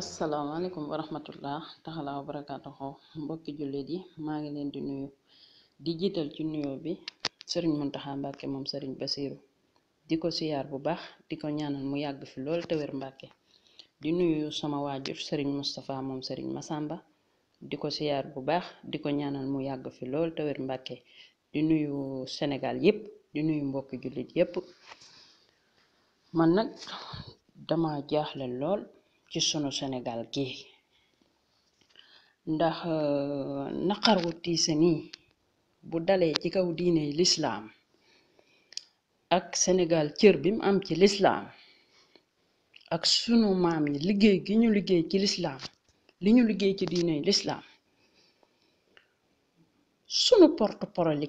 asalaamaaleykum wa rahmatullah taxala wa barakaatuhu mbokki jullit yi maa ngi leen di nuyu di jiital ci nuyo bi sëriñ Muntaxa Mbàkke moom sëriñ Basiiru di ko siyaar bu baax di ko ñaanal mu yàgg fi lool te wér di nuyu sama waajur sëriñ Moustapha moom sëriñ Masamba di ko siyaar bu baax di ko ñaanal mu yàgg fi lool te wér Mbàkke di nuyu Sénégal yépp di nuyu mbokki jullit yépp man nag dama jaaxle lool ci sunu Sénégal gi ndax euh, naqar wu tiise nii bu dalee ci kaw diine lislaam ak Sénégal cër bi mu am ci lislaam ak sunu maam yi liggéey gi ñu liggéey ci lislaam li ñu liggéey ci diine lislaam sunu porte-parole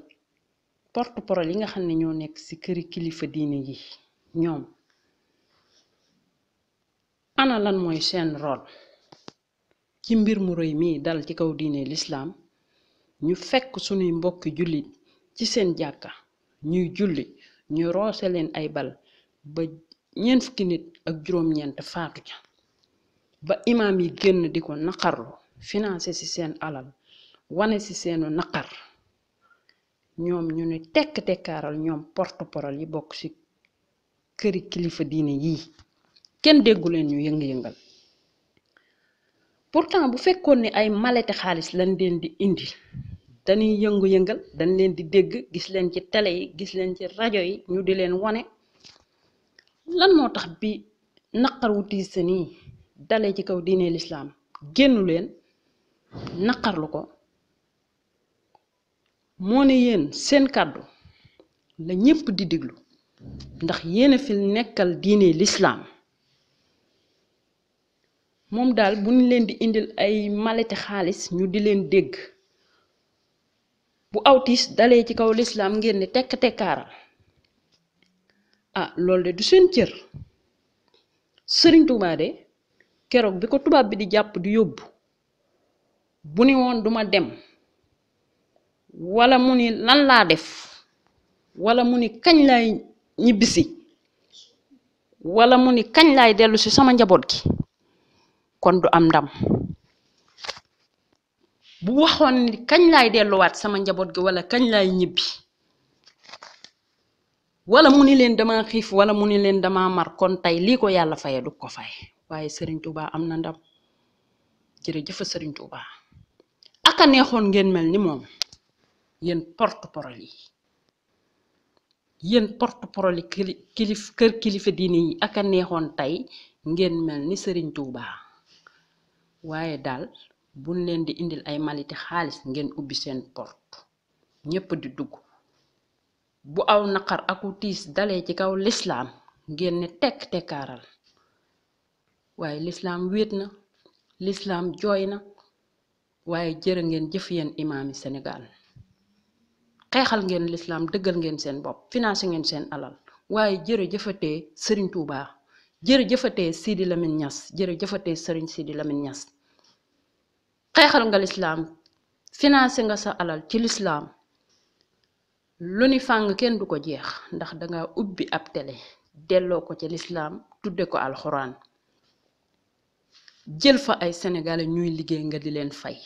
porte-parole yi nga xam ne ñoo nekk ci këri kilifa diine yi ñoom ana lan mooy seen rôle ci mbir mu rëy mii dal ci kaw diine lislaam ñu fekk sunuy mbokki jullit ci seen jàkka ñuy julli ñu roose leen ay bal ba ñeent fukki nit ak juróom-ñeent faatu ca ba imaam yi génn di ko naqarlu financé ci seen alal wane ci seenu naqar ñoom ñu ni tekk tekkaaral ñoom porte-parole yi bokk ci këri kilifa diine yii kenn déggu leen ñu yëng-yëngal pourtant bu fekkoon ni ay malete xaalis lañ leen di indi dañuy yëngu-yëngal dañ leen di dégg gis leen ci tele yi gis leen ci rajo yi ñu di leen wane lan moo tax bi naqar wu tiis nii dalee ci kaw diine lislaam génnu leen naqarlu ko moo ne yéen seen kàddu la ñépp di diglu ndax yéen fi nekkal diine lislaam moom daal bu ñu leen di indil ay maleti xaalis ñu di leen dégg bu awtis dalee ci kaw lislaam ngeen ne tekk tekkaaral ah loolu de du seen cër sëriñ Tuubaa de keroog bi ko tubaab bi di jàpp di yóbbu bu ni woon duma dem walla mu ni lan laa def wala mu ni kañ laay ñibbisi wala mu ni kañ laay dellu si sama njaboot gi kon du am ndam bu waxoon ni kañ laay delluwaat sama njaboot gi wala kañ laay ñibbi wala mu ni leen dama xiif wala mu ni leen dama mar kon tey lii ko yàlla faye du ko fay waaye Serigne Touba am na ndam jërëjëf Serigne Touba aka neexoon ngeen mel ni moom yéen porte-parole yi yéen porte-parole yi kër kilifa diine yi aka neexoon tey ngeen mel ni Serigne Touba. waaye daal bu leen di indil ay malite xaalis ngeen ubbi seen port ñépp di dugg bu aw naqar aku tiis dalee ci kaw lislaam ngeen ne tekk tekkaaral waaye lislaam wéet na lislaam jooy na waaye jërë ngeen jëf yeen imaam yi Sénégal xeexal ngeen lislaam dëggal ngeen seen bopp financé ngeen seen alal waaye jërë jëfatee Serigne Touba jërë jëfatee Sidi Lamine Niass jërë jëfatee Serigne Sidi Lamine Niass xeexal nga lislaam financé nga sa alal ci lislaam lu ni fàng kenn du ko jeex ndax danga ubbi ab tele delloo ko ci lislaam tudde ko alxuraan jël fa ay sénégalais ñuy liggéey nga di leen fay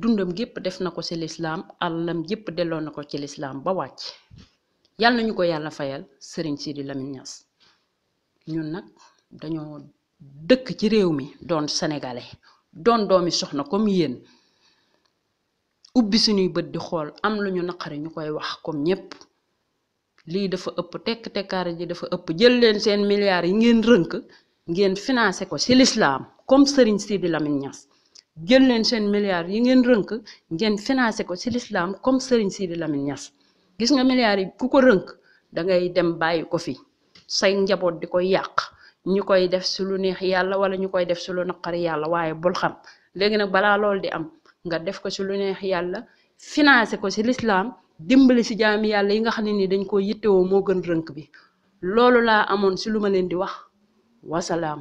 dundam gépp def na ko ci lislaam alalam yépp delloo na ko ci lislaam ba wàcc yàlla nañu ko yàlla fayal sëriñ Sidi Lamine ñas ñun nag dañoo dëkk ci réew mi doon sénégalais doon doomi soxna comme yéen ubbi suñuy bët di xool am lañu ñu naqari ñu koy wax comme ñépp lii dafa ëpp tekk tekkaare ji dafa ëpp jël leen seen milliards yi ngeen rënk ngeen financé ko ci lislaam comme sëriñ Sidi Lamine Niass jël leen seen milliards yi ngeen rënk ngeen financé ko ci lislaam comme sëriñ Sidi Lamine Niass gis nga milliards yi ku ko rënk dangay dem bàyyi ko fi say njaboot di koy yàq ñu koy def si lu neex yàlla wala ñu koy def si lu naqari yàlla waaye bul xam léegi nag balaa loolu di am nga def ko si lu neex yàlla financé ko si lislaam dimbali si jaami yàlla yi nga xam ne ni dañ koo yittewoo moo gën rënk bi loolu laa amoon si lu ma leen di wax wasalaam